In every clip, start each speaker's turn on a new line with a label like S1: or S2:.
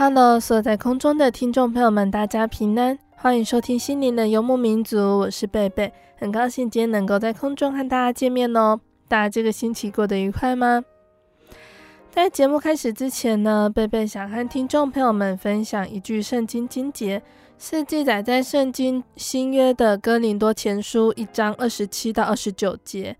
S1: Hello，所有在空中的聽眾朋友們，大家平安，歡迎收聽《心靈的游牧民族》，我是貝貝，很高興今天能夠在空中和大家見面哦。大家這個星期過得愉快嗎？在節目開始之前呢，貝貝想和聽眾朋友們分享一句聖經經節，是記載在聖經新約的哥林多前書一章二十七到二十九節：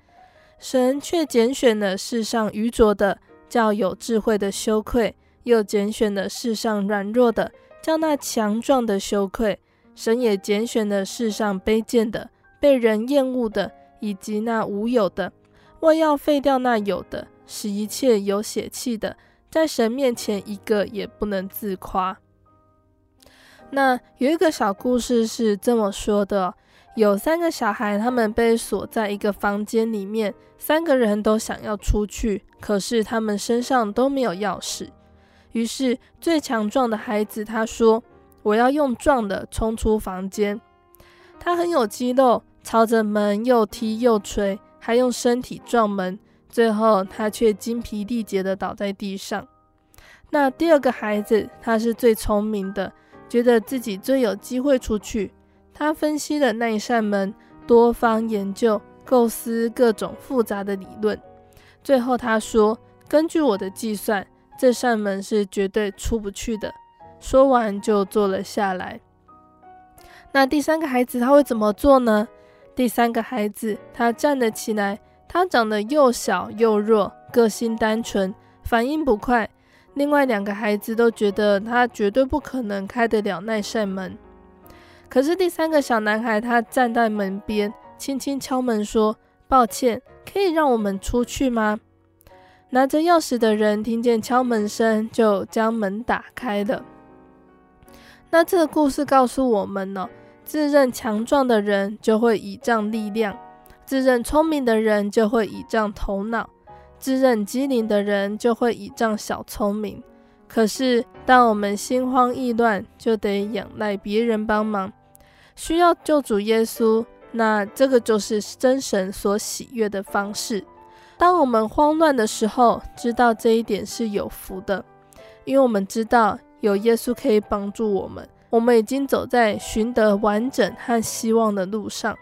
S1: 神卻揀選了世上愚拙的，叫有智慧的羞愧。又揀選了世上軟弱的，叫那強壯的羞愧；神也揀選了世上卑賤的、被人厭惡的，以及那無有的，為要廢掉那有的，使一切有血氣的，在神面前一個也不能自誇。那有一個小故事是這麼說的哦：有三個小孩，他們被鎖在一個房間裡面，三個人都想要出去，可是他們身上都沒有鑰匙。於是，最強壯的孩子他說：“我要用撞的衝出房間。”他很有肌肉，朝着門又踢又捶，還用身體撞門。最後，他卻精疲力竭地倒在地上。那第二個孩子，他是最聰明的，覺得自己最有機會出去。他分析了那一扇門，多方研究，構思各種複雜的理論。最後，他說：“根據我的計算。”這扇門是絕對出不去的。說完就坐了下來。那第三個孩子他會怎麼做呢？第三個孩子他站了起來，他長得又小又弱，個性單純，反應不快。另外兩個孩子都覺得他絕對不可能開得了那扇門。可是第三個小男孩他站在門邊，輕輕敲門說：“抱歉，可以讓我們出去嗎？”拿着鑰匙的人聽見敲門聲，就將門打開了。那這個故事告訴我們呢、哦，自認強壯的人就會倚仗力量，自認聰明的人就會倚仗頭腦，自認機靈的人就會倚仗小聰明。可是，當我們心慌意亂，就得仰賴別人幫忙，需要救主耶穌。那這個就是真神所喜悅的方式。當我們慌亂的時候，知道這一點是有福的，因為我們知道有耶穌可以幫助我們。我們已經走在尋得完整和希望的路上。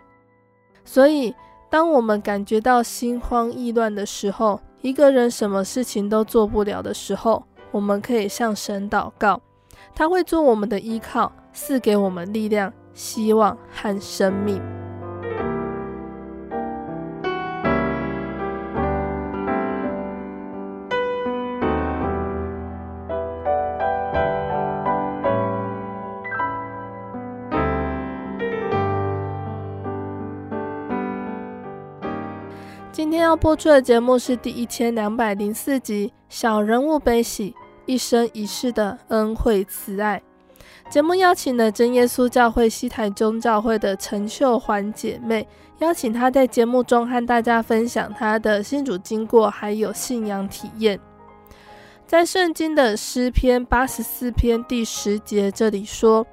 S1: 所以，當我們感覺到心慌意亂的時候，一個人什麼事情都做不了的時候，我們可以向神禱告，他會做我們的依靠，賜給我們力量、希望和生命。要播出的節目是第一千兩百零四集《小人物悲喜，一生一世的恩惠慈愛》。節目邀請了真耶穌教會西臺中教會的陳秀環姐妹，邀請她在節目中和大家分享她的信主經過還有信仰體驗。在聖經的詩篇八十四篇第十節，這裡說：“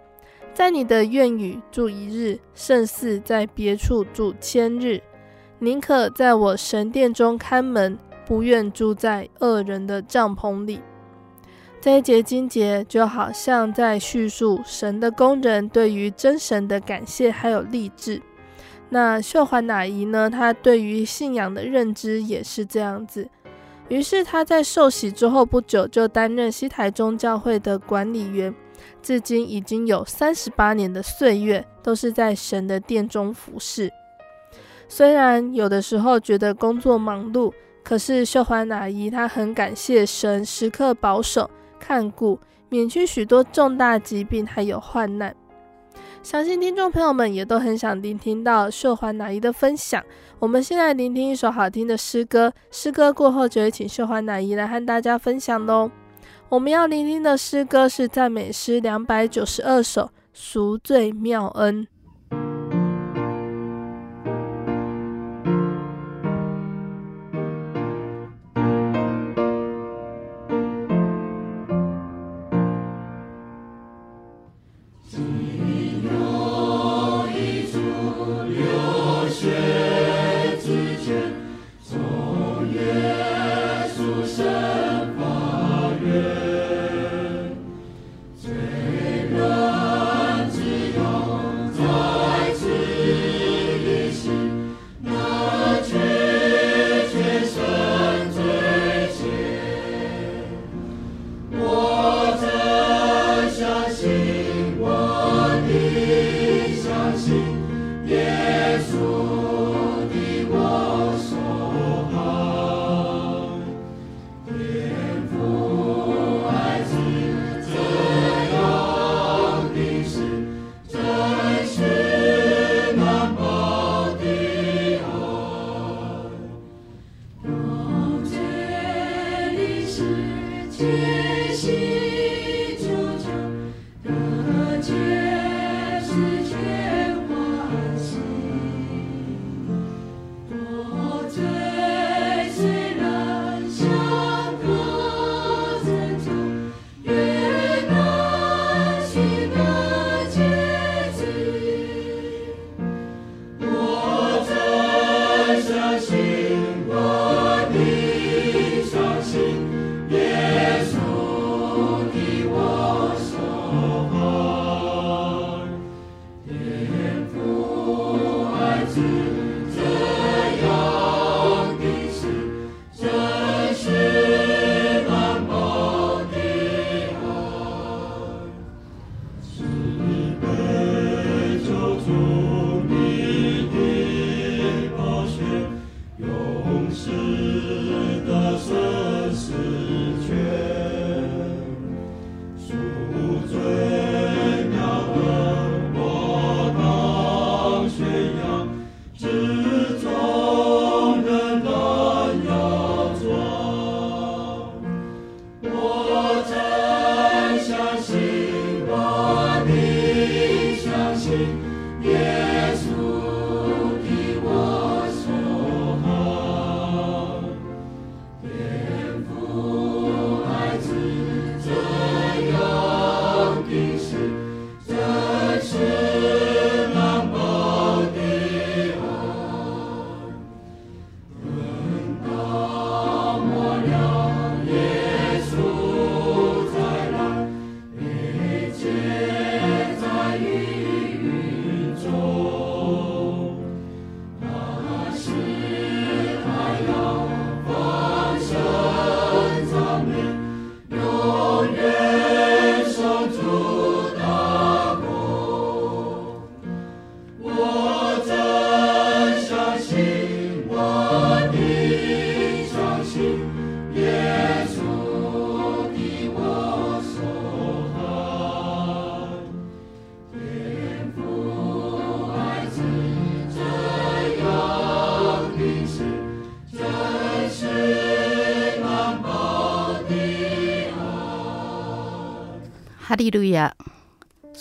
S1: 在你的院宇住一日，勝似在別處住千日。”寧可在我神殿中看門，不願住在惡人的帳篷裡。這一節經節就好像在敘述神的工人對於真神的感謝，還有勵志。那秀環阿姨呢？她對於信仰的認知也是這樣子。於是她在受洗之後不久，就擔任西台中教會的管理員，至今已經有三十八年的歲月，都是在神的殿中服侍。雖然有的時候覺得工作忙碌，可是秀環阿姨她很感謝神時刻保守看顧，免去許多重大疾病還有患難。相信聽眾朋友們也都很想聆聽到秀環阿姨的分享。我們先來聆聽一首好聽的詩歌，詩歌過後就會請秀環阿姨來和大家分享嘍。我們要聆聽的詩歌是讚美詩兩百九十二首《贖罪妙恩》。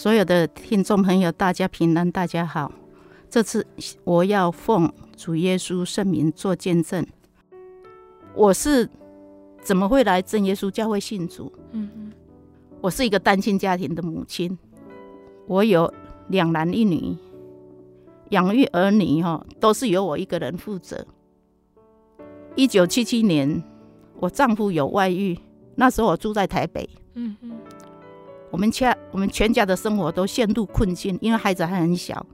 S2: 所有的聽眾朋友，大家平安，大家好。這次我要奉主耶穌聖名做見證，我是怎麼會來真耶穌教會信主？嗯。我是一個單親家庭的母親，我有兩男一女，養育兒女哈、哦、都是由我一個人負責。一九七七年，我丈夫有外遇，那時候我住在台北。
S3: 嗯嗯。
S2: 我們家我們全家的生活都陷入困境，因為孩子還很小，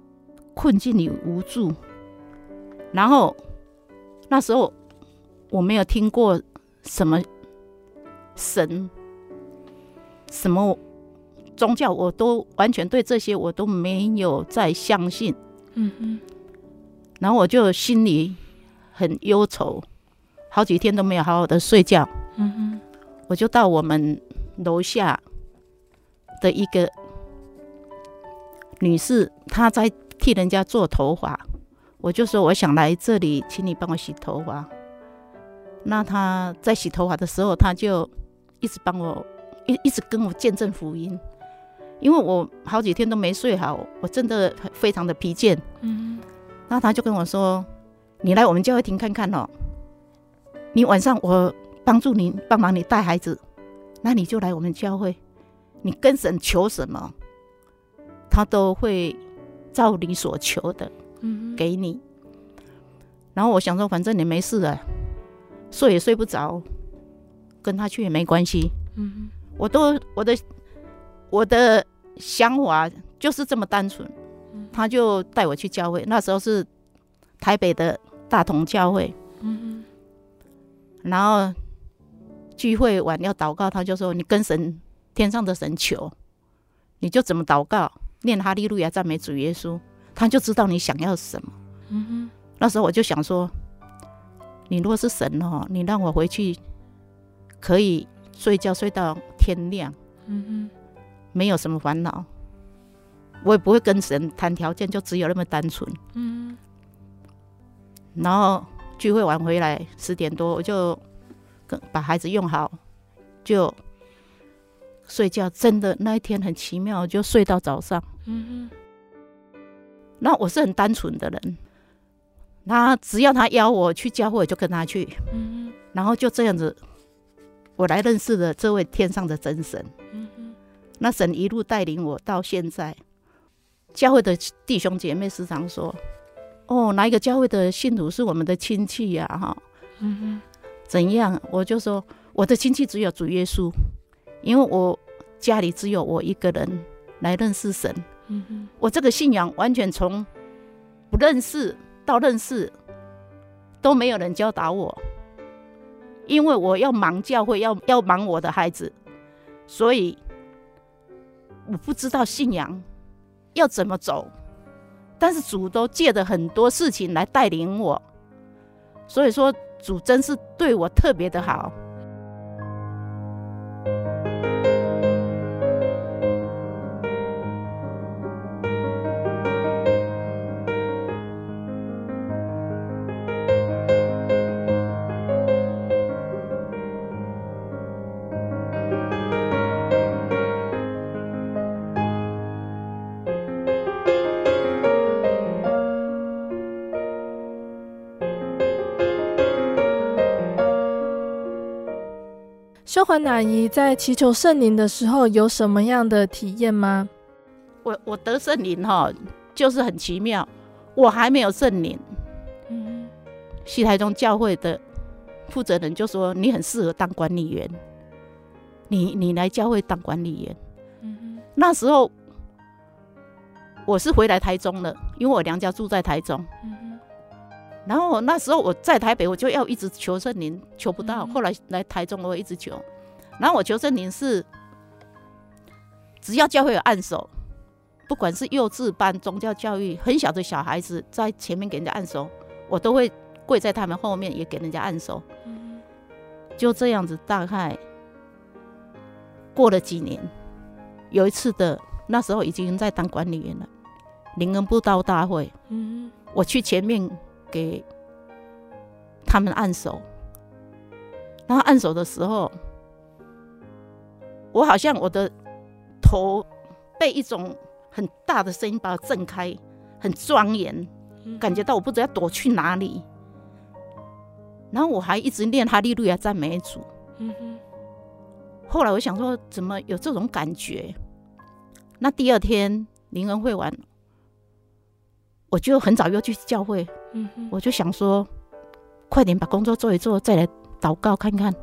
S2: 困境裡無助。然後那時候我沒有聽過什麼神、什麼宗教，我都完全對這些我都沒有再相信。嗯
S3: 哼。
S2: 然後我就心裡很憂愁，好幾天都沒有好好的睡覺。嗯
S3: 哼。
S2: 我就到我們樓下的一個女士，她在替人家做頭髮，我就說我想來這裡，請你幫我洗頭髮。那她在洗頭髮的時候，她就一直幫我一一直跟我見證福音，因為我好幾天都沒睡好，我真的非常的疲倦。嗯，那她就跟我說：“你來我們教會廳看看哦，你晚上我幫助你幫忙你帶孩子，那你就來我們教會。”你跟神求什麼，他都會照你所求的給你。嗯、然後我想說，反正你沒事了，睡也睡不着，跟他去也沒關係。嗯、我都我的我的想法就是這麼單純、嗯，他就帶我去教會，那時候是台北的大同教會。嗯、然後聚會完要禱告，他就說：“你跟神。”天上的神求，你就怎麼禱告、念哈利路亞、讚美主耶穌，他就知道你想要什麼。嗯哼。那時候我就想說，你若是神哦，你讓我回去可以睡覺睡到天亮，嗯
S3: 哼，
S2: 沒有什麼煩惱，我也不會跟神談條件，就只有那麼單純。嗯哼，然後聚會完回來十點多，我就跟把孩子用好，就。睡覺真的那一天很奇妙，就睡到早上。嗯
S3: 嗯。
S2: 那我是很單純的人，那只要他邀我去教會，我就跟他去。
S3: 嗯
S2: 嗯。然後就這樣子，我來認識了這位天上的真神。嗯嗯。那神一路帶領我到現在，教會的弟兄姐妹時常說：“哦，哪一個教會的信徒是我們的親戚呀、啊？”哈、哦。嗯哼。怎樣？我就說我的親戚只有主耶穌。因為我家裡只有我一個人來認識神。嗯，我這個信仰完全從不認識到認識，都沒有人教導我，因為我要忙教會，要要忙我的孩子，所以我不知道信仰要怎麼走，但是主都借着很多事情來帶領我，所以說主真是對我特別的好。
S1: 環阿姨在祈求聖靈的時候有什麼樣的體驗嗎？
S2: 我我得聖靈哈，就是很奇妙。我還沒有聖靈，嗯哼，西台中教會的負責人就說，你很適合當管理員，你你來教會當管理員。嗯哼，那時候我是回來台中了，因為我娘家住在台中。嗯哼，然後我那時候我在台北，我就要一直求聖靈，求不到、嗯。後來來台中，我一直求。那我求聖靈是，只要教會有按手，不管是幼稚班宗教教育，很小的小孩子在前面給人家按手，我都會跪在他們後面也給人家按手。就這樣子，大概過了幾年，有一次的那時候已經在當管理員了，靈恩布道大會，嗯，我去前面給他們按手，然後按手的時候。我好像我的頭被一種很大的聲音把我震開，很莊嚴，感覺到我不知道要躲去哪裡。然後我還一直念哈利路亞讚美主。嗯
S3: 哼。
S2: 後來我想說，怎麼有這種感覺？那第二天靈恩會完，我就很早又去教會，嗯哼。我就想說，快點把工作做一做，再來禱告看看。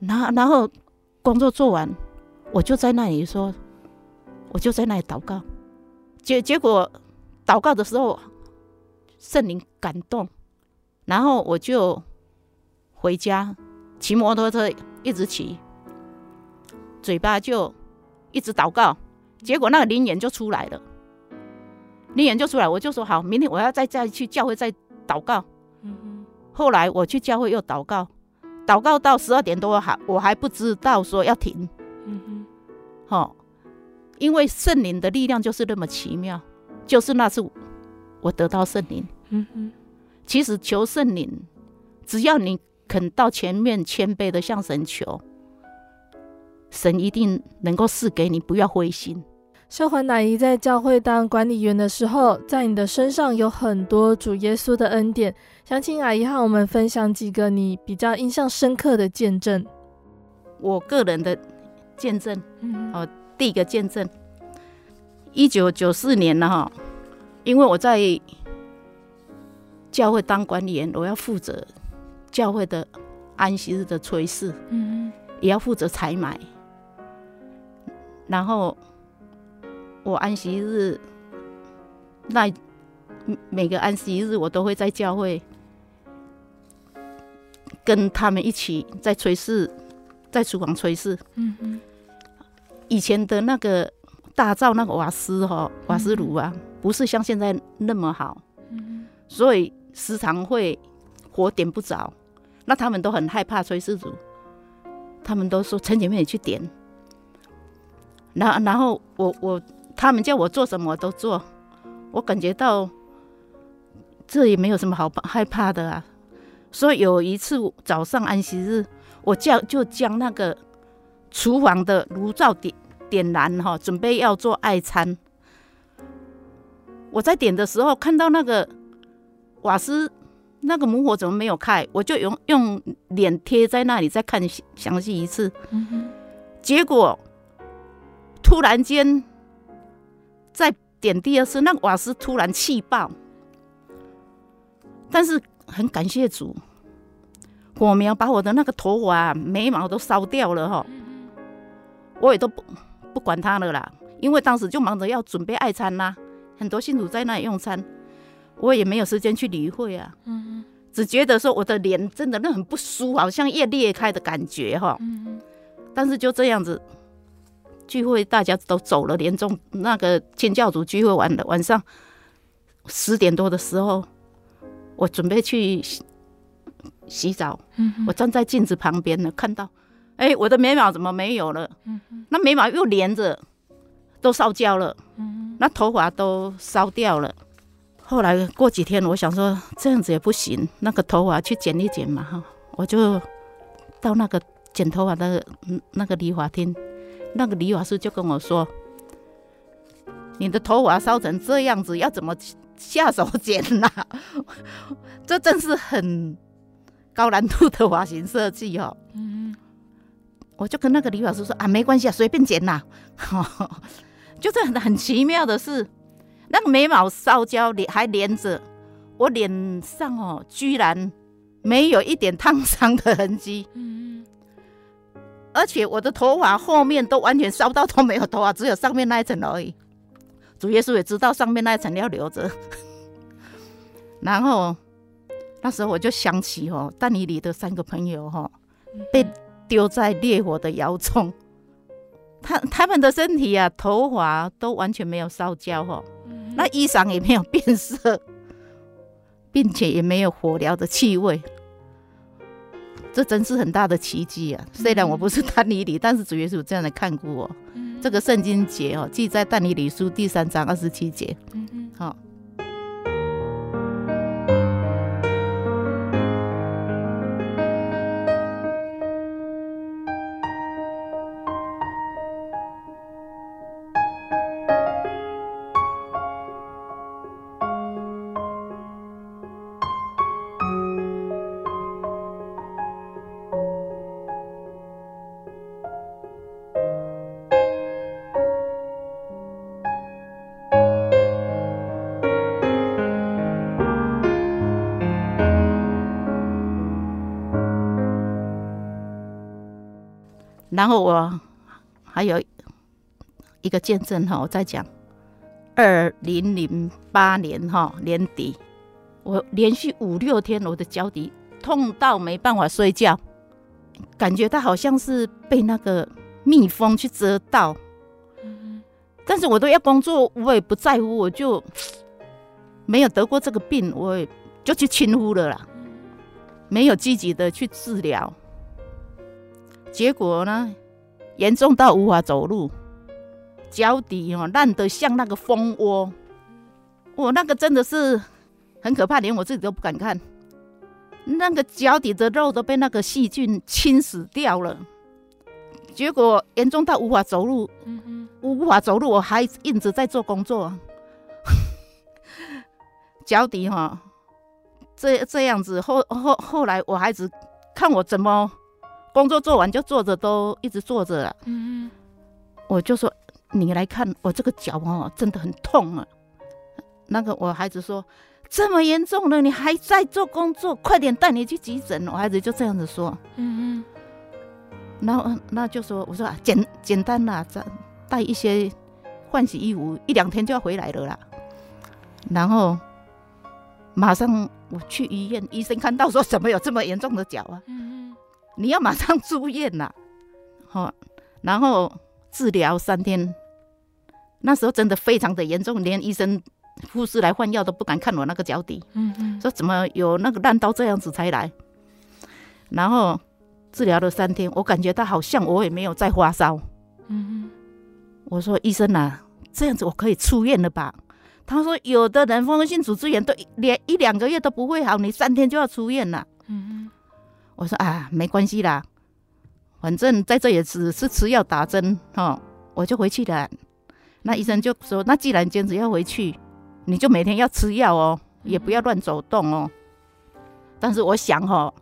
S2: 然後然後。工作做完，我就在那裡說，我就在那裡禱告。結結果，禱告的時候，聖靈感動，然後我就回家，騎摩托車一直騎，嘴巴就一直禱告。結果那個靈言就出來了，靈言就出來，我就說好，明天我要再再去教會再禱告。後來我去教會又禱告。禱告到十二點多，還我還不知道說要停。嗯哼，哈、哦，因為聖靈的力量就是那麼奇妙，就是那次我得到聖靈。嗯
S3: 哼，
S2: 其實求聖靈，只要你肯到前面謙卑的向神求，神一定能夠賜給你，不要灰心。
S1: 秀環阿姨在教會當管理員的時候，在你的身上有很多主耶穌的恩典。想請阿姨和我們分享幾個你比較印象深刻的見證。
S2: 我個人的見證，哦，第一個見證，一九九四年了哈，因為我在教會當管理員，我要負責教會的安息日的炊事，嗯，也要負責採買，然後。我安息日，那每個安息日我都會在教會跟他們一起在炊事，在廚房炊事，
S3: 嗯。
S2: 以前的那個大灶那個瓦斯哈、哦、瓦斯爐啊、嗯，不是像現在那麼好，嗯、所以時常會火點不着。那他們都很害怕炊事爐。他們都說，陳姐妹你去點。然後，然後我我。他們叫我做什麼都做，我感覺到這也沒有什麼好害怕的啊。所以有一次早上安息日，我叫就將那個廚房的爐灶點點燃，哈，準備要做愛餐。我在點的時候看到那個瓦斯那個母火怎麼沒有開，我就用用臉貼在那裡再看詳細一次，嗯、結果突然間。再點第二次，那個瓦斯突然氣爆，但是很感謝主，火苗把我的那個頭髮、眉毛都燒掉了吼、嗯，我也都不不管它了啦，因為當時就忙着要準備愛餐啦、啊，很多信徒在那裡用餐，我也沒有時間去理會啊、嗯，只覺得說我的臉真的那很不舒服，好像要裂開的感覺哈、嗯，但是就這樣子。聚會大家都走了，連中那個天教組聚會完了，晚上十點多的時候，我準備去洗洗澡、嗯。我站在鏡子旁邊呢，看到，哎、欸，我的眉毛怎麼沒有了、嗯？那眉毛又連着，都燒焦了、嗯。那頭髮都燒掉了。後來過幾天，我想說這樣子也不行，那個頭髮去剪一剪嘛哈，我就到那個剪頭髮那個嗯那個理髮廳。那個理髮師就跟我說：“你的頭髮燒成這樣子，要怎麼下手剪吶、啊？ 這真是很高難度的髮型設計哦。”嗯，我就跟那個理髮師說：“啊，沒關係啊，隨便剪吶。”哈，就是很很奇妙的是，那個眉毛燒焦還連着，我臉上哦，居然沒有一點燙傷的痕跡。嗯。而且我的頭髮後面都完全燒到都沒有頭髮，只有上面那一層而已。主耶穌也知道上面那一層要留着。 然後那時候我就想起哦、喔，但以理的三個朋友哈、喔，被丟在烈火的窯中，他他們的身體啊，頭髮、啊、都完全沒有燒焦哈、喔嗯，那衣裳也沒有變色，並且也沒有火燎的氣味。這真是很大的奇蹟啊！雖然我不是但以理、嗯，但是主耶穌有這樣來看過、哦嗯、這個聖經節哦，記載但以理書第三章二十七節、嗯，好。然後我還有一個見證哈，我在講二零零八年哈年底，我連續五六天，我的腳底痛到沒辦法睡覺，感覺他好像是被那個蜜蜂去蟄到，但是我都要工作，我也不在乎，我就沒有得過這個病，我也就去輕忽了啦，沒有積極的去治療。結果呢，嚴重到無法走路，腳底哦、啊、爛得像那個蜂窩，我那個真的是很可怕，連我自己都不敢看。那個腳底的肉都被那個細菌侵蝕掉了，結果嚴重到無法走路。我、嗯、無法走路，我還一直在做工作， 腳底哈、啊、這這樣子後後後來我孩子看我怎麼。工作做完就坐着，都一直坐着啦。嗯，我就說你來看我這個腳哦，真的很痛啊。那個我孩子說這麼嚴重了，你還在做工作，快點帶你去急診。我孩子就這樣子說。嗯嗯。那那就說我說、啊、簡簡單啦，帶帶一些換洗衣物，一兩天就要回來了啦。然後馬上我去醫院，醫生看到說怎麼有這麼嚴重的腳啊？你要馬上住院了、啊，然後治療三天。那時候真的非常的嚴重，連醫生、護士來換藥都不敢看我那個腳底。嗯，說怎麼有那個爛到這樣子才來？然後治療了三天，我感覺到好像我也沒有在發燒。嗯，我說醫生吶、啊，這樣子我可以出院了吧？他說，有的人風濕性組織炎都連一兩個月都不會好，你三天就要出院了、啊。嗯。我說啊，沒關係啦，反正在這也只是吃藥打針哦，我就回去了。那醫生就說：“那既然堅持要回去，你就每天要吃藥哦、嗯，也不要亂走動哦。”但是我想哈、哦，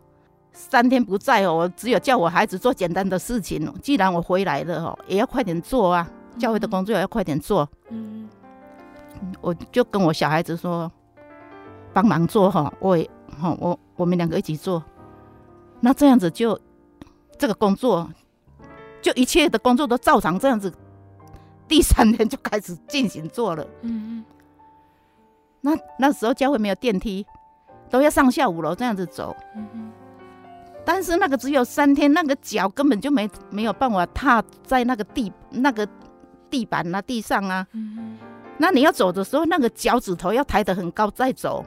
S2: 三天不在哦，我只有叫我孩子做簡單的事情。既然我回來了哦，也要快點做啊，教會的工作要快點做。
S3: 嗯，
S2: 我就跟我小孩子說，幫忙做哈、哦，我也、哦、我我們兩個一起做。那這樣子就，這個工作，就一切的工作都照常這樣子。第三天就開始進行做了。嗯嗯。那那時候教會沒有電梯，都要上下五樓這樣子走。嗯哼。但是那個只有三天，那個腳根本就沒沒有辦法踏在那個地那個地板那、啊、地上啊。嗯嗯。那你要走的時候，那個腳趾頭要抬得很高再走，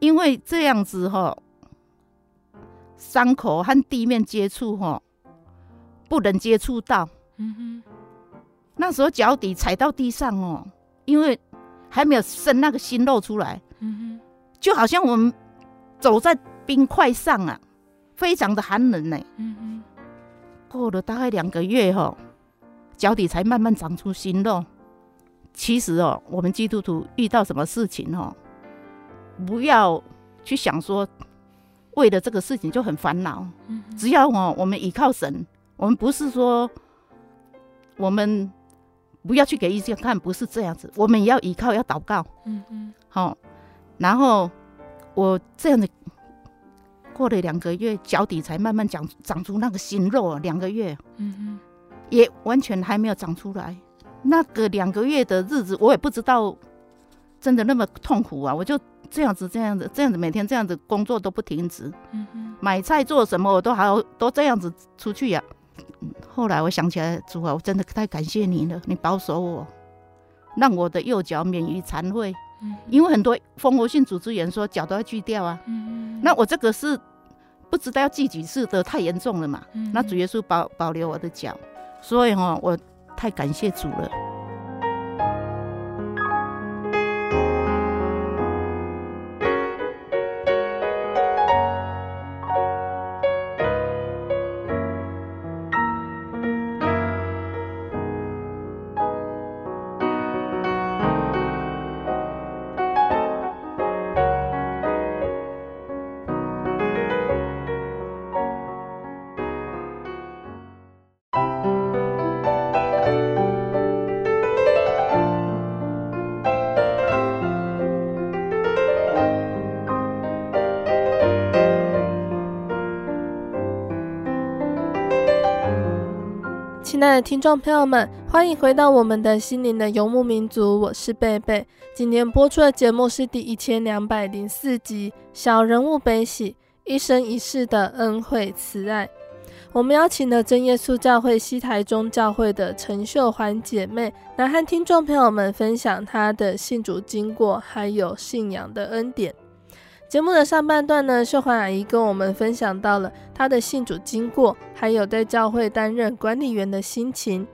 S2: 因為這樣子吼。傷口和地面接觸，吼，不能接觸到，嗯。那時候腳底踩到地上哦、喔，因為還沒有生那個新肉出來。嗯、就好像我們走在冰塊上啊，非常的寒冷呢、欸嗯。過了大概兩個月、喔，哈，腳底才慢慢長出新肉。其實哦、喔，我們基督徒遇到什麼事情、喔、不要去想說。為了這個事情就很煩惱、嗯，只要我，我們依靠神，我們不是說我們不要去給醫生看，不是這樣子，我們也要依靠，要禱告，嗯嗯，好，然後我這樣子過了兩個月，腳底才慢慢長長出那個新肉，兩個月，嗯嗯，也完全還沒有長出來，那個兩個月的日子，我也不知道真的那麼痛苦啊，我就。這樣子，這樣子，這樣子，每天這樣子工作都不停止。買菜做什麼我都還好，都這樣子出去呀、啊。後來我想起來，主啊，我真的太感謝你了，你保守我，讓我的右腳免於殘廢。因為很多蜂窩性組織炎說腳都要鋸掉啊。那我這個是不知道要鋸幾次的，太嚴重了嘛。那主耶穌保保留我的腳，所以哈、哦，我太感謝主了。
S1: 親愛的聽眾朋友們，歡迎回到我們的心靈的遊牧民族，我是貝貝。今天播出的節目是第一千兩百零四集《小人物悲喜，一生一世的恩惠慈愛》。我們邀請了真耶穌教會西台中教會的陳秀環姐妹，來和聽眾朋友們分享她的信主經過，還有信仰的恩典。節目的上半段呢，秀環阿姨跟我們分享到了她的信主經過，還有在教會擔任管理員的心情。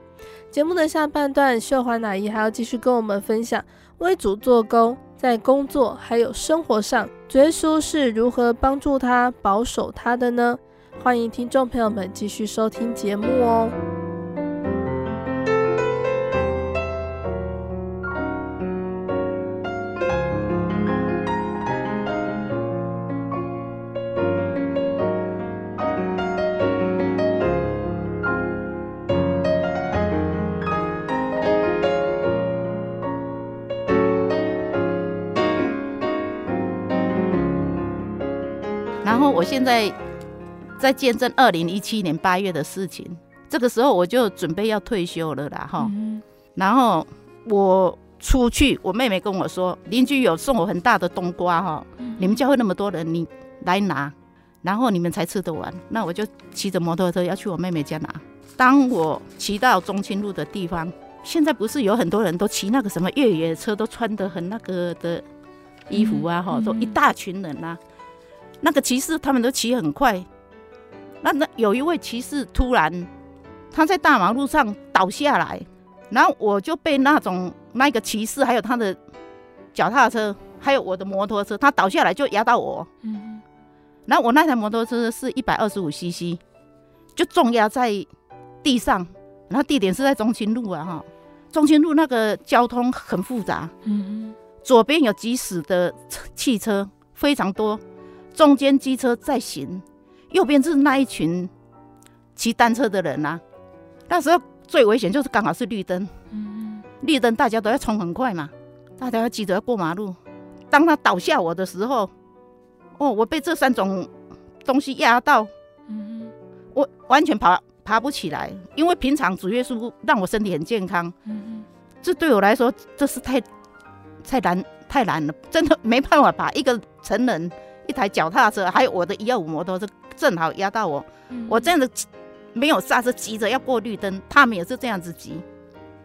S1: 節目的下半段，秀環阿姨還要繼續跟我們分享為主做工，在工作還有生活上，主耶穌是如何幫助她，保守她的呢？歡迎聽眾朋友們繼續收聽節目哦。
S2: 我現在在見證二零一七年八月的事情，這個時候我就準備要退休了啦哈，然後我出去，我妹妹跟我說，鄰居有送我很大的冬瓜哈，你們教會那麼多人，你來拿，然後你們才吃得完，那我就騎着摩托車要去我妹妹家拿。當我騎到中清路的地方，現在不是有很多人都騎那個什麼越野車，都穿得很那個的衣服啊哈，都一大群人啊。那個騎士他們都騎很快，那那有一位騎士突然他在大馬路上倒下來，然後我就被那種那個騎士還有他的腳踏車，還有我的摩托車，他倒下來就壓到我。嗯，然後我那台摩托車是一百二十五 CC，就重壓在地上。然後地點是在中清路啊，哈，中清路那個交通很複雜。嗯，左邊有急駛的汽車非常多。中間機車在行，右邊是那一群騎單車的人吶、啊。那時候最危險就是剛好是綠燈、嗯，綠燈，大家都要衝很快嘛，大家都要記得要過馬路。當他倒下我的時候，哦，我被這三種東西壓到、嗯，我完全爬爬不起來，因為平常主耶穌讓我身體很健康，這、嗯、對我來說這是太太難太難了，真的沒辦法把一個成人。一台腳踏車，還有我的一二五摩托車，正好壓到我、嗯。我這樣子沒有剎車，急着要過綠燈，他們也是這樣子急。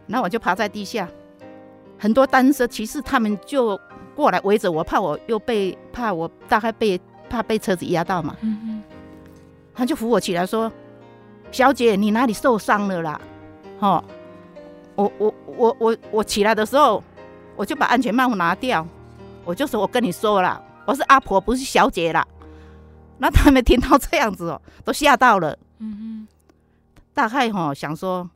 S2: 那我就趴在地下，很多單車騎士他們就過來圍着我，怕我又被怕我大概被怕被車子壓到嘛、
S3: 嗯。
S2: 他就扶我起來說：“小姐，你哪裡受傷了啦？”哦，我我我我我起來的時候，我就把安全帽拿掉，我就說：“我跟你說啦。”我是阿婆，不是小姐啦。那他們聽到這樣子哦、喔，都嚇到了。嗯嗯，大概哈、喔，想說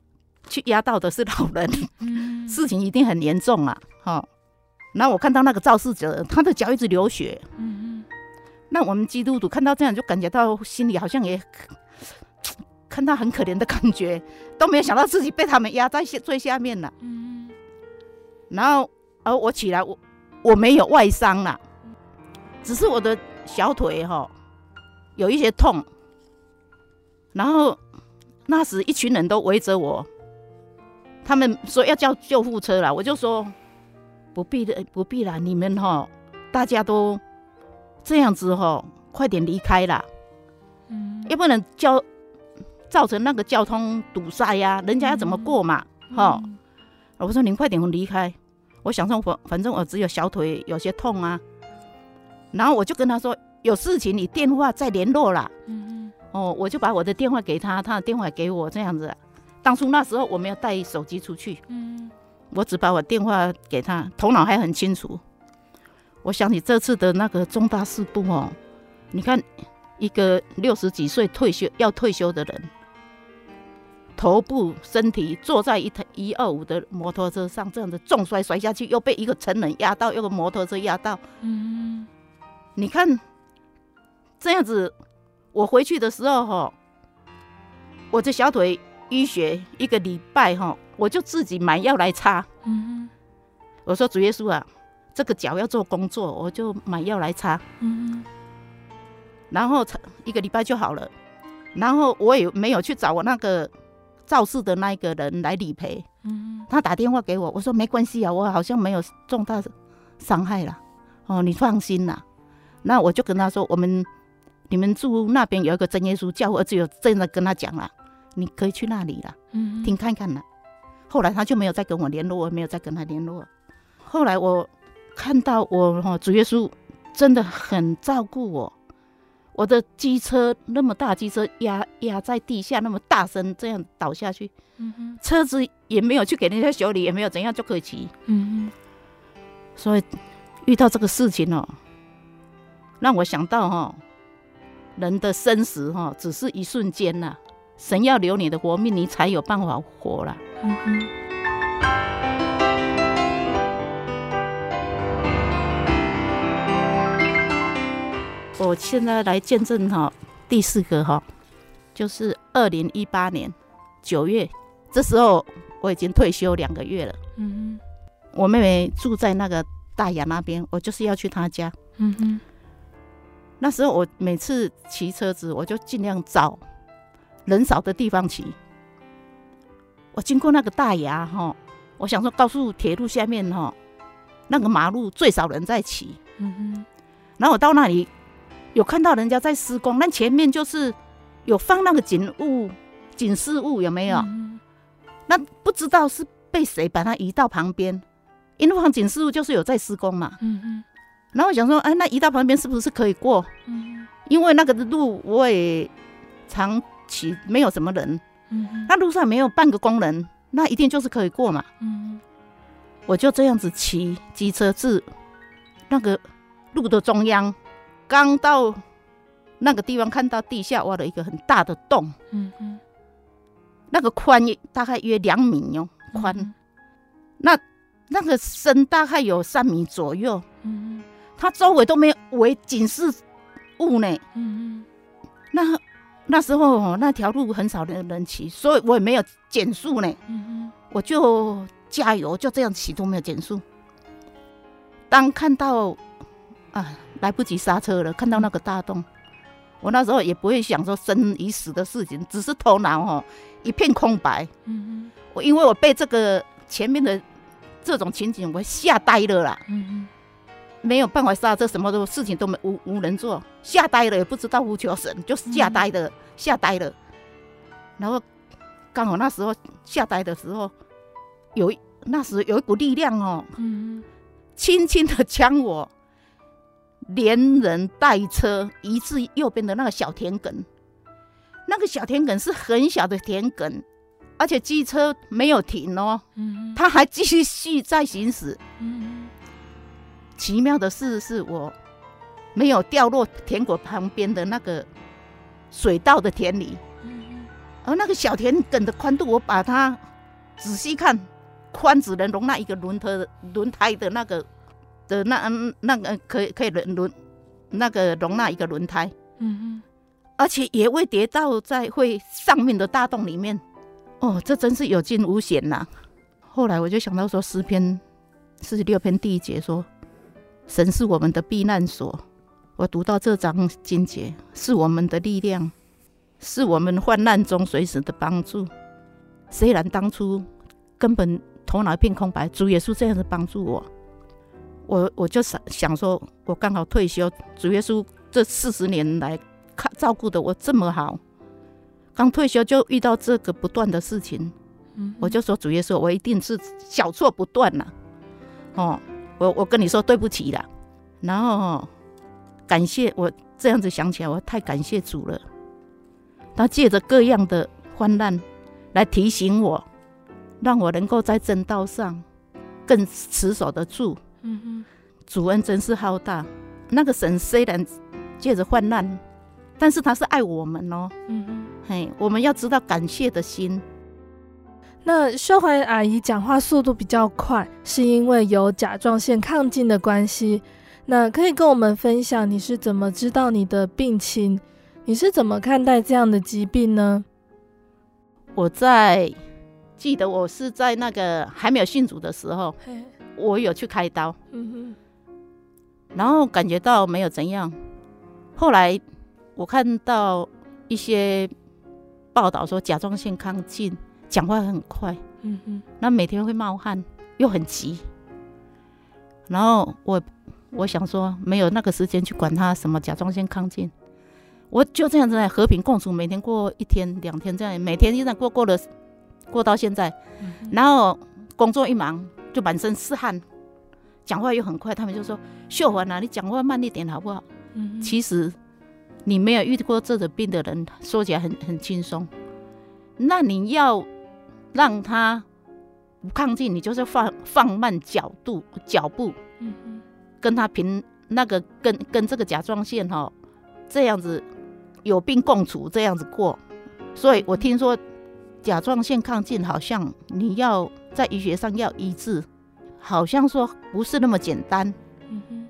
S2: 去壓到的是老人，嗯、事情一定很嚴重啊！哈、喔。那我看到那個肇事者，他的腳一直流血。嗯嗯。那我們基督徒看到這樣，就感覺到心裡好像也看到很可憐的感覺，都沒有想到自己被他們壓在最下面
S3: 了、
S2: 啊。嗯嗯。然後，而我起來，我我沒有外傷了、啊。只是我的小腿哈，有一些痛。然後那時一群人都圍着我，他們說要叫救護車啦，我就說不必的，不必了、欸，你們哈，大家都這樣子哈，快點離開啦，嗯，要不然交造成那個交通堵塞呀、啊，人家要怎麼過嘛，哈、嗯。我說您快點離開，我想說，反反正我只有小腿有些痛啊。然後我就跟他說有事情，你電話再聯絡啦、嗯。哦，我就把我的電話給他，他的電話給我這樣子、啊。當初那時候我沒有帶手機出去、嗯，我只把我電話給他，頭腦還很清楚。我想你這次的那個重大事故哦，你看一個六十幾歲退休、要退休的人，頭部身體坐在一台一二五的摩托車上，這樣子重摔、摔下去，又被一個成人壓到，又被摩托車壓到，
S3: 嗯。
S2: 你看，這樣子，我回去的時候哈，我這小腿淤血一個禮拜哈，我就自己買藥來擦。嗯哼，我說主耶穌啊，這個腳要做工作，我就買藥來擦。嗯
S3: 哼，
S2: 然後一個禮拜就好了，然後我也沒有去找我那個肇事的那一個人來理賠。嗯哼，他打電話給我，我說沒關係啊，我好像沒有重大傷害啦，哦，你放心啦、啊。那我就跟他說：“我們你們住那邊有一個真耶穌教會，我只有真的跟他講了、啊，你可以去那裡了，嗯，聽看看了、啊。後來他就沒有再跟我聯絡，也沒有再跟他聯絡。後來我看到我主耶穌真的很照顧我，我的機車那麼大，機車壓壓在地下那麼大聲這樣倒下去，嗯，車子也沒有去給人家修理，也沒有怎樣，就可以騎。
S3: 嗯，
S2: 所以遇到這個事情哦、喔。”讓我想到哈、哦，人的生死哈、哦，只是一瞬間吶、啊。神要留你的活命，你才有辦法活了。嗯哼。我現在來見證哈、哦，第四個哈、哦，就是二零一八年九月，這時候我已經退休兩個月了。嗯
S3: 哼。
S2: 我妹妹住在那個大雅那邊，我就是要去她家。嗯哼。那時候我每次騎車子，我就盡量找人少的地方騎。我經過那個大牙吼，我想說高速鐵路下面吼，那個馬路最少人在騎。嗯，
S3: 然
S2: 後我到那裡有看到人家在施工，那前面就是有放那個警務警示物有沒有？那不知道是被誰把它移到旁邊？因為放警示物就是有在施工嘛。嗯然後我想說，哎，那移到旁邊是不是可以過？
S3: 嗯、
S2: 因為那個的路我也常騎沒有什麼人，嗯，那路上沒有半個工人，那一定就是可以過嘛。嗯、我就這樣子騎機車至那個路的中央，剛到那個地方看到地下挖了一個很大的洞，嗯、那個寬大概約兩米喲、哦，寬，嗯、那那個深大概有三米左右，嗯它周圍都沒有圍警示物呢。嗯嗯，那那時候、喔、那條路很少的人騎，所以我也沒有減速呢、嗯。我就加油，就這樣騎都沒有減速。當看到啊，來不及剎車了，看到那個大洞，我那時候也不會想說生與死的事情，只是頭腦哦、喔、一片空白。嗯。我因為我被這個前面的這種情景我嚇呆了啦。嗯沒有辦法剎車，什麼都事情都沒無無人做，嚇呆了也不知道無求神，就是嚇呆的，嚇、嗯、呆了。然後剛好那時候嚇呆的時候，有那時有一股力量哦，嗯、輕輕地將我連人帶車移至右邊的那個小田埂。那個小田埂是很小的田埂，而且機車沒有停哦，嗯、它還繼續在行駛。嗯嗯奇妙的事是我沒有掉落田埂旁邊的那個水稻的田裡，而那個小田埂的寬度，我把它仔細看，寬只能容納一個輪胎的輪胎的那個的那那個可以可以輪輪那個容納一個輪胎，嗯嗯，而且也未跌到在會上面的大洞裡面，哦，這真是有驚無險吶！後來我就想到說，詩篇四十六篇第一節說。神是我們的避難所，我讀到這章經節，是我們的力量，是我們患難中隨時的幫助。雖然當初根本頭腦一片空白，主耶穌這樣子幫助我，我我就想想說，我剛好退休，主耶穌這四十年來看照顧的我這麼好，剛退休就遇到這個不斷的事情，我就說主耶穌，我一定是小錯不斷了啊，哦。我我跟你說對不起啦，然後感謝我這樣子想起來，我太感謝主了。他借着各樣的患難來提醒我，讓我能夠在正道上更持守得住。嗯嗯，主恩真是浩大。那個神雖然借着患難，但是他是愛我們哦、喔。嗯哼，嘿，我們要知道感謝的心。
S1: 那秀環阿姨講話速度比較快，是因為有甲狀腺亢進的關係。那可以跟我們分享你是怎麼知道你的病情？你是怎麼看待這樣的疾病呢？
S2: 我在記得我是在那個還沒有信主的時候，我有去開刀，嗯哼，然後感覺到沒有怎樣。後來我看到一些報道說甲狀腺亢進。講話很快，嗯嗯，那每天會冒汗，又很急。然後我我想說，沒有那個時間去管他什麼甲狀腺亢進，我就這樣子來和平共處，每天過一天兩天這樣，每天就這樣過過了，過到現在，嗯。然後工作一忙，就滿身是汗，講話又很快，他們就說，嗯：“秀環啊，你講話慢一點好不好？”嗯，其實你沒有遇過這種病的人，說起來很很輕鬆。那你要。讓他不抗拒你，就是放放慢角度、腳步、
S3: 嗯
S2: 哼，跟他平那個跟跟這個甲狀腺哈、哦，這樣子有病共處，這樣子過。所以我聽說甲狀腺亢進好像你要在醫學上要醫治，好像說不是那麼簡單。嗯哼，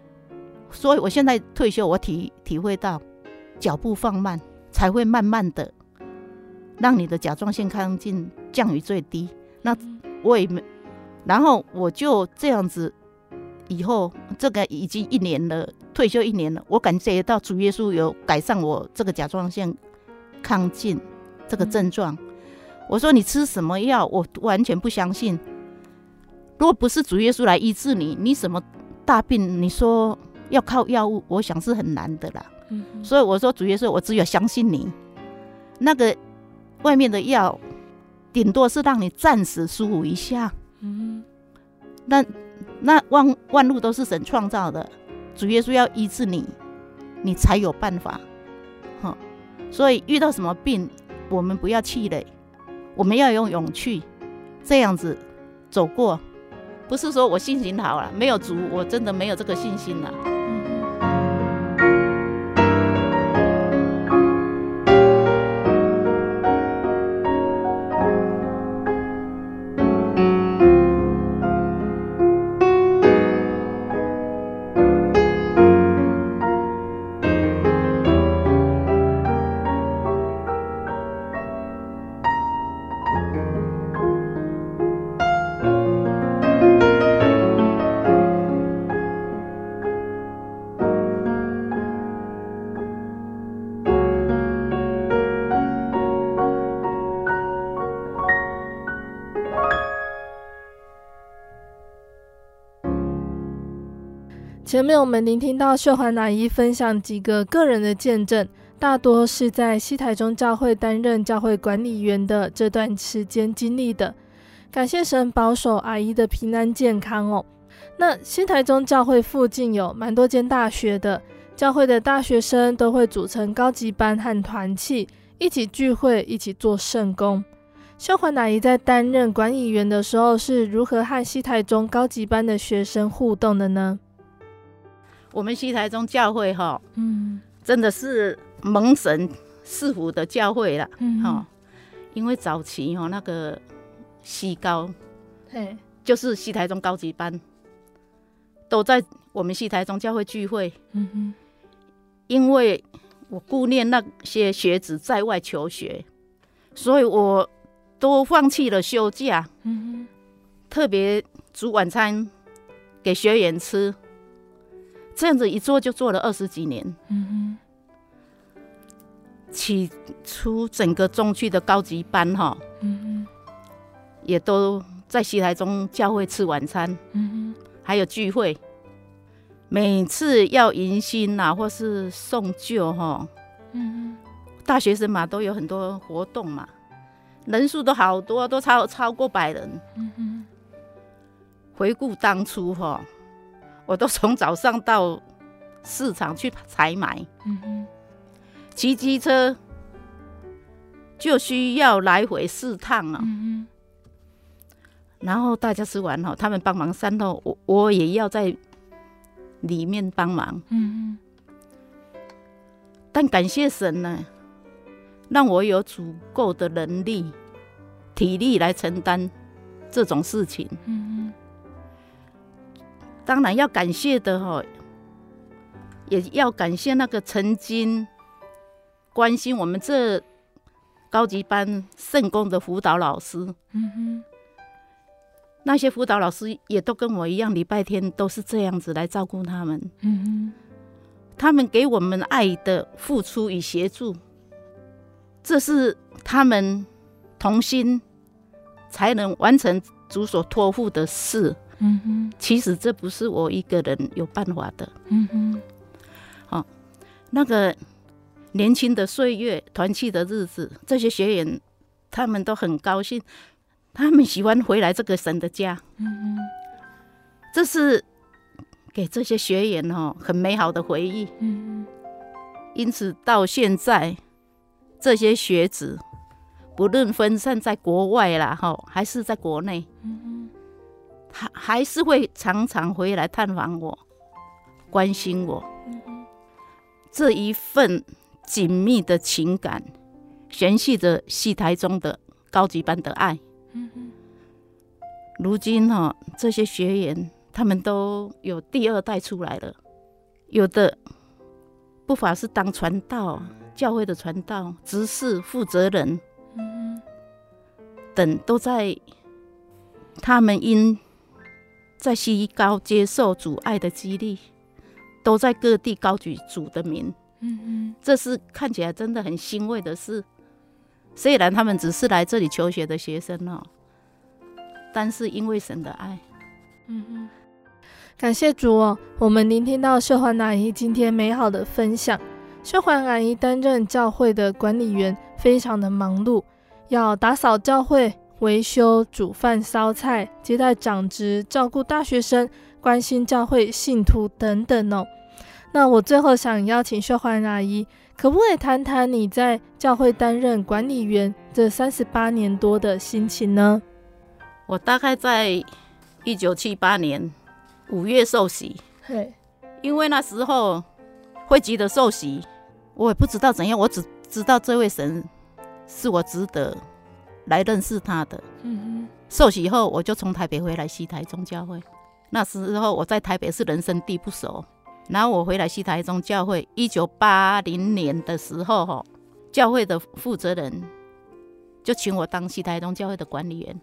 S2: 所以我現在退休，我體體會到，腳步放慢才會慢慢的。讓你的甲狀腺亢進降於最低。那我也沒，然後我就這樣子，以後這個已經一年了，退休一年了，我感覺到主耶穌有改善我這個甲狀腺亢進這個症狀。嗯。我說你吃什麼藥？我完全不相信。如果不是主耶穌來醫治你，你什麼大病？你說要靠藥物，我想是很難的啦。嗯嗯。所以我說主耶穌，我只有相信你。那個。外面的藥，頂多是讓你暫時舒服一下。嗯，那那萬萬物都是神創造的，主耶穌要醫治你，你才有辦法。哼、哦，所以遇到什麼病，我們不要氣餒，我們要有勇氣，這樣子走過。不是說我信心好了，啊、沒有主，我真的沒有這個信心了，啊。
S1: 前面我們聆聽到秀環阿姨分享幾個個人的見證，大多是在西台中教會擔任教會管理員的這段時間經歷的。感謝神保守阿姨的平安健康哦。那西台中教會附近有蠻多間大學的，教會的大學生都會組成高級班和團契，一起聚會，一起做聖工。秀環阿姨在擔任管理員的時候是如何和西台中高級班的學生互動的呢？
S2: 我們西臺中教會哈，嗯，真的是蒙神賜福的教會了，哈、嗯。因為早期哈那個西高，
S1: 嘿，
S2: 就是西台中高級班，都在我們西台中教會聚會。嗯哼，因為我顧念那些學子在外求學，所以我都放棄了休假。嗯哼，特別煮晚餐給學員吃。這樣子一做就做了二十幾年，嗯，起初整個中區的高級班哈，嗯，也都在西台中教會吃晚餐，嗯，還有聚會，每次要迎新吶、啊、或是送舊哈，嗯，大學生嘛都有很多活動嘛，人數都好多，都超超過百人，嗯，回顧當初哈。我都從早上到市場去採買，嗯，騎機車就需要來回四趟了，哦嗯。然後大家吃完後，哦，他們幫忙善後，我我也要在裡面幫忙。嗯、但感謝神呢，啊，讓我有足夠的能力、體力來承擔這種事情。嗯當然要感謝的哈、哦，也要感謝那個曾經關心我們這高級班聖工的輔導老師、嗯。那些輔導老師也都跟我一樣，禮拜天都是這樣子來照顧他們、嗯。他們給我們愛的付出與協助，這是他們同心才能完成主所託付的事。嗯哼，其實這不是我一個人有辦法的。嗯哼，好、哦，那個年輕的歲月、團契的日子，這些學員他們都很高興，他們喜歡回來這個神的家。嗯，這是給這些學員哈、哦、很美好的回憶。嗯，因此到現在，這些學子不論分散在國外啦哈、哦，還是在國內。嗯還還是會常常回來探訪我，關心我。這一份緊密的情感，延續着西臺中的高級班的愛。
S3: 嗯、
S2: 如今哈、哦，這些學員他們都有第二代出來了，有的不乏是當傳道教會的傳道、執事、負責人、嗯、等，都在他們因。在西高接受主愛的激勵，都在各地高舉主的名。嗯嗯，這是看起來真的很欣慰的事。雖然他們只是來這裡求學的學生哦，但是因為神的愛。嗯
S3: 嗯，
S1: 感謝主哦，我們聆聽到秀環阿姨今天美好的分享。秀環阿姨擔任教會的管理員，非常的忙碌，要打掃教會。維修、煮飯、燒菜、接待長職、照顧大學生、關心教會信徒等等哦。那我最後想邀請秀環阿姨，可不可以談談你在教會擔任管理員這三十八年多的心情呢？
S2: 我大概在一九七八年五月受洗，嘿，因為那時候會集的受洗，我也不知道怎樣，我只知道這位神是我值得，來認識他的。嗯哼，受洗後我就從台北回來西台中教會。那時候我在台北是人生地不熟，然後我回來西台中教會。一九八零年的時候，哈，教會的負責人就請我當西台中教會的管理員。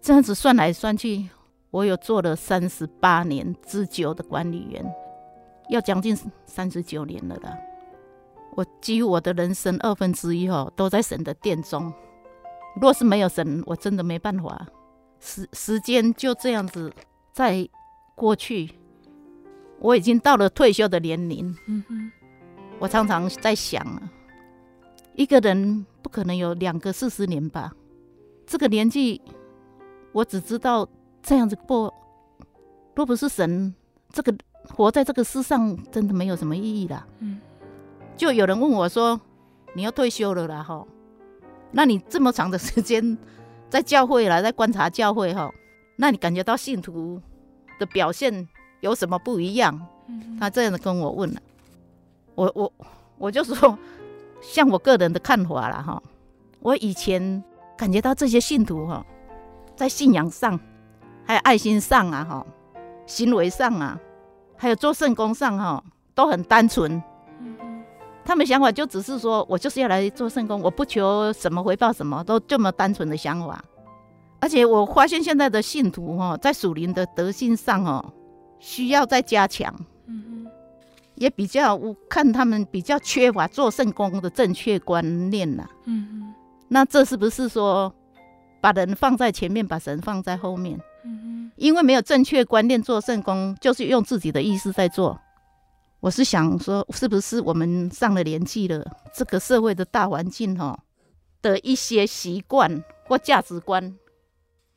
S2: 這樣子算來算去，我有做了三十八年之久的管理員，要將近三十九年了啦。我幾乎我的人生二分之一，哈，都在神的殿中。若是沒有神，我真的沒辦法。時時間就這樣子在過去，我已經到了退休的年齡。嗯哼，我常常在想，一個人不可能有兩個四十年吧？這個年紀，我只知道這樣子過。若不是神，這個活在這個世上真的沒有什麼意義了。嗯，就有人問我說：“你要退休了啦？”吼那你這麼長的時間在教會了，在觀察教會哈、喔，那你感覺到信徒的表現有什麼不一樣？他這樣子跟我問了，我我我就說，像我個人的看法了哈、喔，我以前感覺到這些信徒哈、喔，在信仰上，還有愛心上啊哈、喔，行為上啊，還有做聖工上哈、喔，都很單純。他們想法就只是說，我就是要來做聖工，我不求什麼回報，什麼都這麼單純的想法。而且我發現現在的信徒哈，在屬靈的德性上哦，需要再加強。嗯
S3: 哼，
S2: 也比較我看他們比較缺乏做聖工的正確觀念。嗯
S3: 哼，
S2: 那這是不是說把人放在前面，把神放在後面？嗯
S3: 哼，
S2: 因為沒有正確觀念做聖工，就是用自己的意思在做。我是想說，是不是我們上了年紀了，這個社會的大環境哈、哦、的一些習慣或價值觀，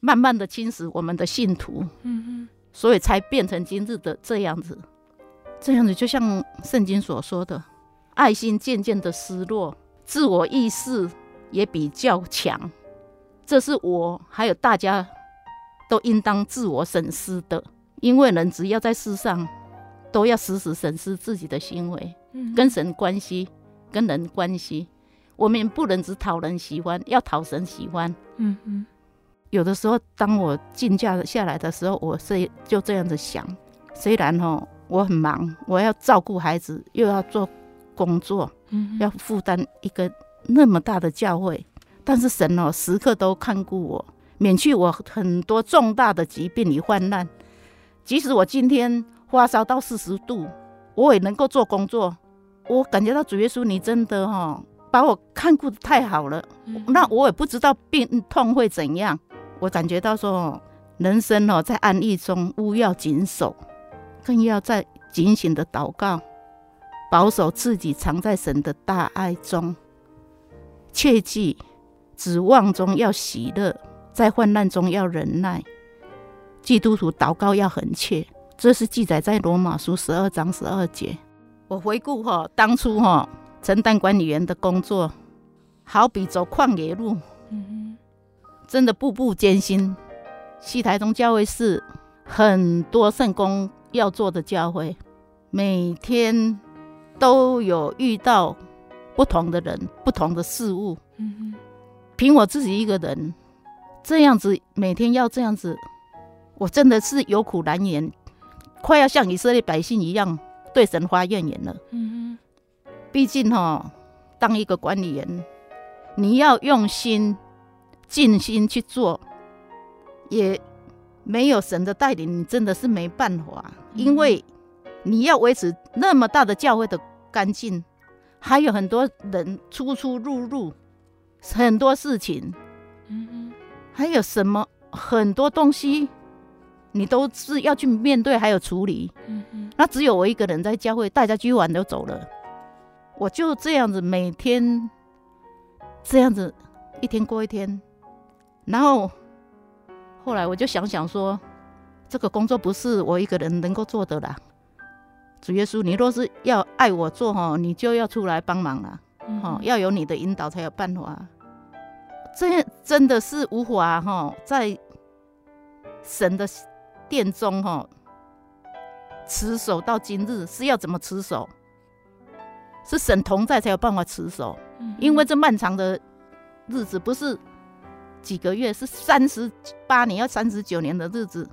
S2: 慢慢的侵蝕我們的信徒、嗯，所以才變成今日的這樣子。這樣子就像聖經所說的，愛心漸漸的失落，自我意識也比較強，這是我還有大家都應當自我省思的，因為人只要在世上。都要時時審視自己的行為，嗯、跟神關係，跟人關係。我們不能只討人喜歡，要討神喜歡。嗯嗯。有的時候，當我靜下來的時候，我是就這樣子想：雖然哈、喔，我很忙，我要照顧孩子，又要做工作，嗯、要負擔一個那麼大的教會，但是神哦、喔，時刻都看顧我，免去我很多重大的疾病與患難。即使我今天，發燒到四十度，我也能夠做工作。我感覺到主耶穌，你真的哈、哦、把我看顧得太好了、嗯。那我也不知道病痛會怎樣。我感覺到說，人生哦，在安逸中勿要謹守，更要在警醒的禱告，保守自己藏在神的大愛中。切記，指望中要喜樂，在患難中要忍耐。基督徒禱告要懇切。這是記載在羅馬書十二章十二節。我回顧哈、哦，當初哈、哦，承擔管理員的工作，好比走曠野路，嗯、真的步步艱辛。西台中教會是很多聖工要做的教會，每天都有遇到不同的人、不同的事物。嗯，憑我自己一個人這樣子，每天要這樣子，我真的是有苦難言。快要像以色列百姓一樣對神發怨言了。嗯哼，畢竟哈、喔，當一個管理員，你要用心、盡心去做，也沒有神的帶領，你真的是沒辦法。嗯、因為你要維持那麼大的教會的乾淨，還有很多人出出入入，很多事情，嗯哼，還有什麼很多東西。你都是要去面對，還有處理、嗯，那只有我一個人在教會，大家聚會完都走了，我就這樣子每天這樣子一天過一天，然後後來我就想想說，這個工作不是我一個人能夠做的啦，主耶穌，你若是要愛我做哈、哦，你就要出來幫忙啦，哈、嗯哦，要有你的引導才有辦法，這真的是無法哈、哦，在神的。殿中哈持守到今日是要怎麼持守？是神同在才有辦法持守。嗯、因為這漫長的日子不是幾個月，是三十八年，要三十九年的日子。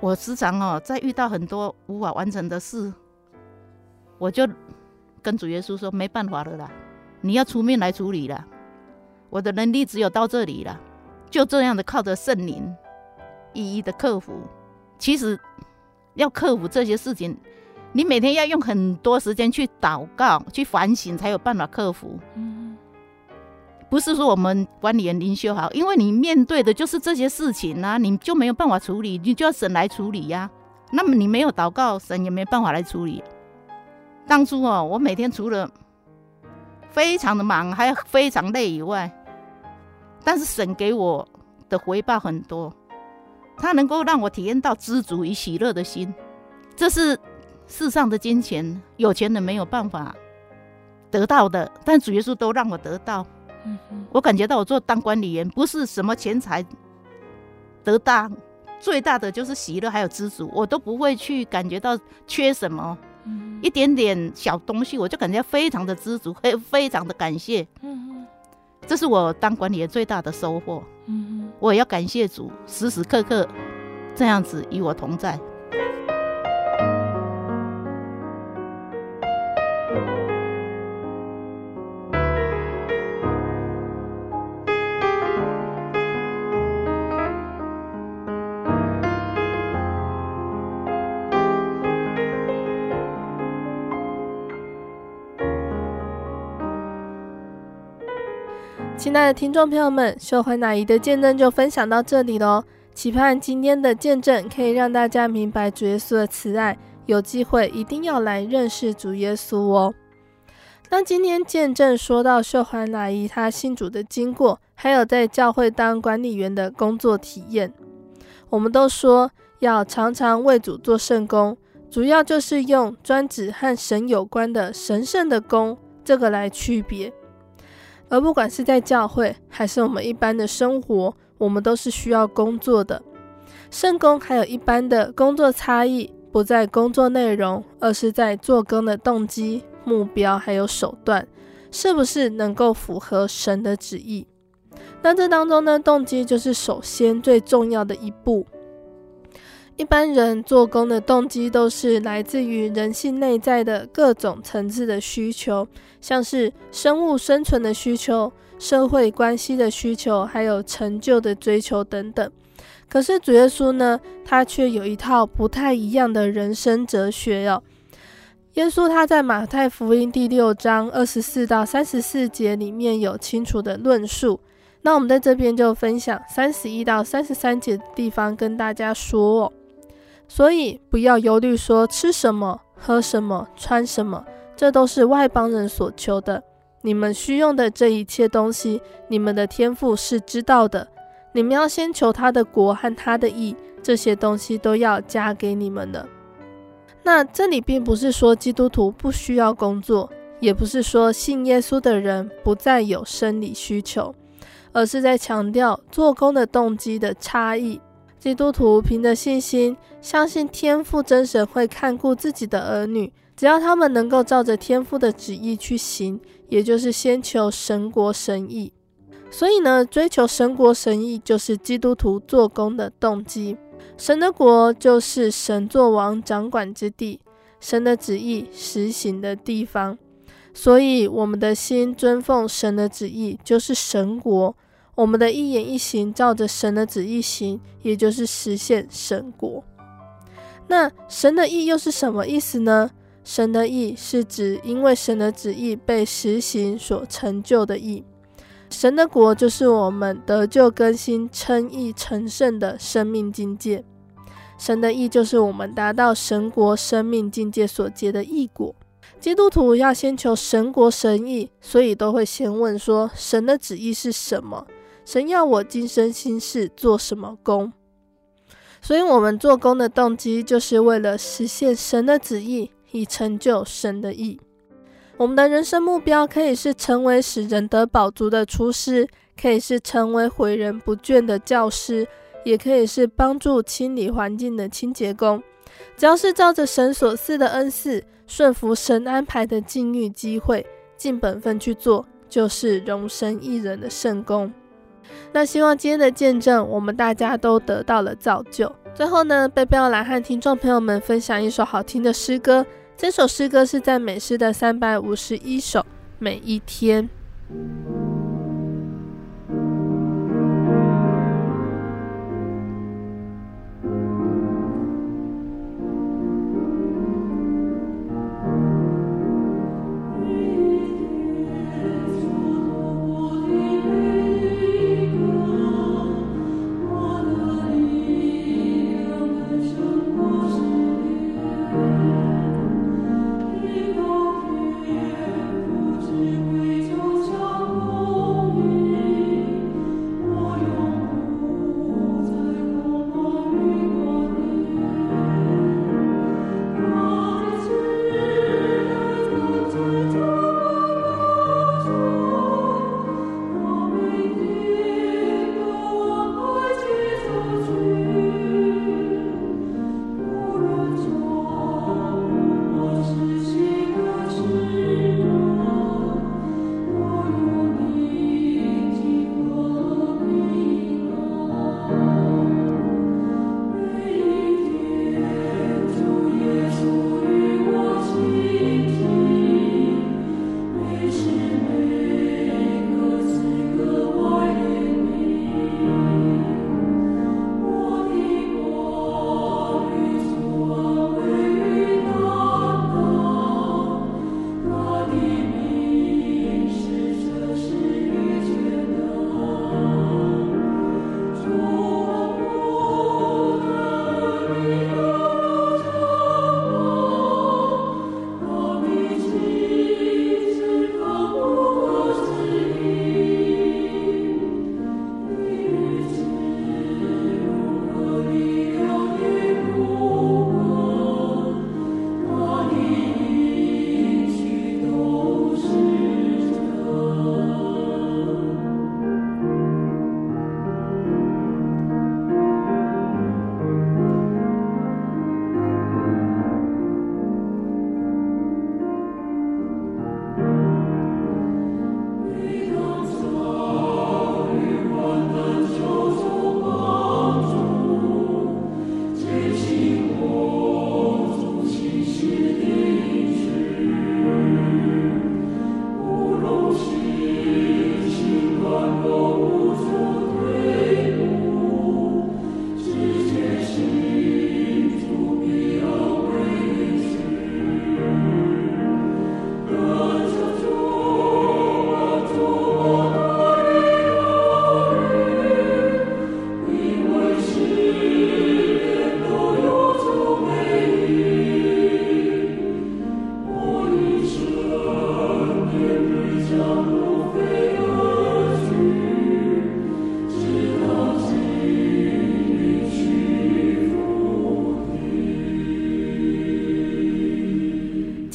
S2: 我時常哈、哦、在遇到很多無法完成的事，我就跟主耶穌說：“沒辦法了啦，你要出面來處理了。我的能力只有到這裡了。”就這樣的靠着聖靈，一一的克服。其實，要克服這些事情，你每天要用很多時間去禱告、去反省，才有辦法克服。不是說我們管理員靈修好，因為你面對的就是這些事情啊，你就沒有辦法處理，你就要神來處理呀啊。那麼你沒有禱告，神也沒辦法來處理。當初哦，我每天除了非常的忙，還非常累以外，但是神給我的回報很多。他能夠讓我體驗到知足與喜樂的心，這是世上的金錢、有錢人沒有辦法得到的，但主耶穌都讓我得到。嗯、我感覺到我做當管理員不是什麼錢財得當，最大的就是喜樂還有知足，我都不會去感覺到缺什麼。嗯、一點點小東西，我就感覺非常的知足，非常的感謝。嗯這是我當管理員最大的收穫。
S3: 嗯，
S2: 我也要感謝主，時時刻刻這樣子與我同在。
S1: 那的聽眾朋友們，秀環阿姨的見證就分享到這裡嘍。期盼今天的見證可以讓大家明白主耶穌的慈愛，有機會一定要來認識主耶穌哦。那今天見證說到秀環阿姨她信主的經過，還有在教會當管理員的工作體驗。我們都說要常常為主做聖工，主要就是用專指和神有關的神聖的工這個來區別。而不管是在教會還是我們一般的生活，我們都是需要工作的。聖工還有一般的工作差異，不在工作內容，而是在做工的動機、目標還有手段，是不是能夠符合神的旨意？那這當中呢，動機就是首先最重要的一步。一般人做工的動機都是來自於人性內在的各種層次的需求，像是生物生存的需求、社會關係的需求，還有成就的追求等等。可是主耶穌呢，他卻有一套不太一樣的人生哲學哦。耶穌他在馬太福音第六章二十四到三十四節裡面有清楚的論述，那我們在這邊就分享三十一到三十三節的地方跟大家說哦。所以不要憂慮，說吃什麼、喝什麼、穿什麼，這都是外邦人所求的。你們需用的這一切東西，你們的天父是知道的。你們要先求他的國和他的義，這些東西都要加給你們的。那這裡並不是說基督徒不需要工作，也不是說信耶穌的人不再有生理需求，而是在強調做工的動機的差異。基督徒憑着信心，相信天父真神會看顧自己的兒女，只要他們能夠照着天父的旨意去行，也就是先求神國神義。所以呢，追求神國神義就是基督徒做工的動機。神的國就是神作王掌管之地，神的旨意實行的地方。所以，我們的心尊奉神的旨意，就是神國。我們的一言一行照着神的旨意行，也就是實現神國。那神的義又是什麼意思呢？神的義是指因為神的旨意被實行所成就的義。神的國就是我們得救更新、稱義成聖的生命境界。神的義就是我們達到神國生命境界所結的義果。基督徒要先求神國神義，所以都會先問說：神的旨意是什麼？神要我今生今世做什麼工，所以我們做工的動機就是為了實現神的旨意，以成就神的意。我們的人生目標可以是成為使人得飽足的廚師，可以是成為誨人不倦的教師，也可以是幫助清理環境的清潔工。只要是照着神所賜的恩賜，順服神安排的境遇機會，盡本分去做，就是榮神益人的聖工。那希望今天的見證，我們大家都得到了造就。最後呢，貝貝要來和聽眾朋友們分享一首好聽的詩歌。這首詩歌是讚美詩的三百五十一首，每一天。